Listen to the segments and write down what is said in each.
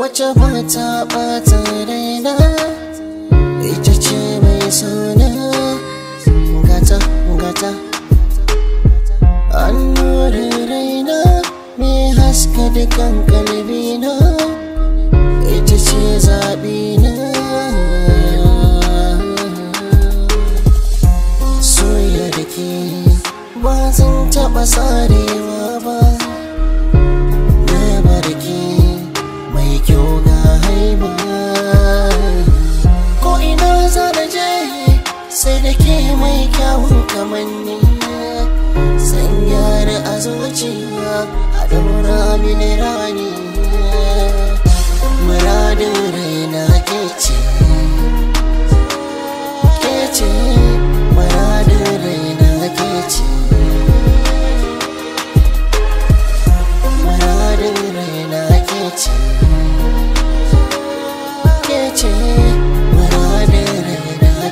wacce ba ta raina ita ce mai suna gata gata an nuri raina mai haska da kalbi na ita ce zaɓina soya da ke ba zan taɓa tsarewa ba a zuciya a daura mini rani muradin raina ke ce ke ce raina raina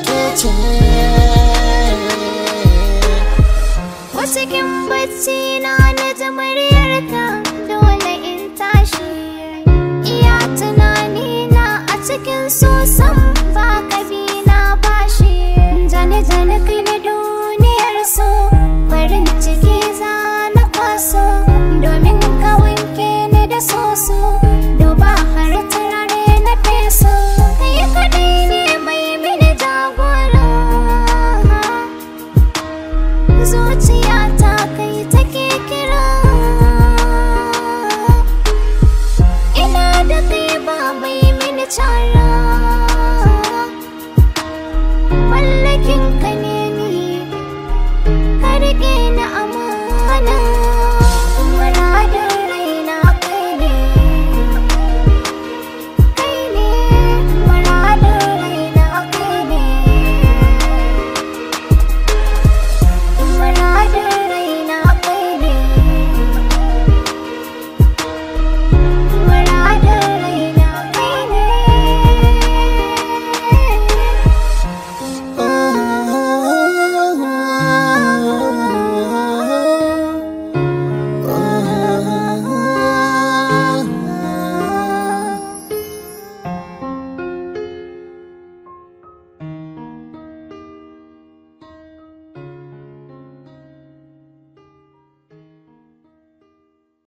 raina cikin bacci na na ji muryarka dole in tashi iya tunani na a cikin suna. zuciyata kai take kira ina da kai ba mai mini cara mallakin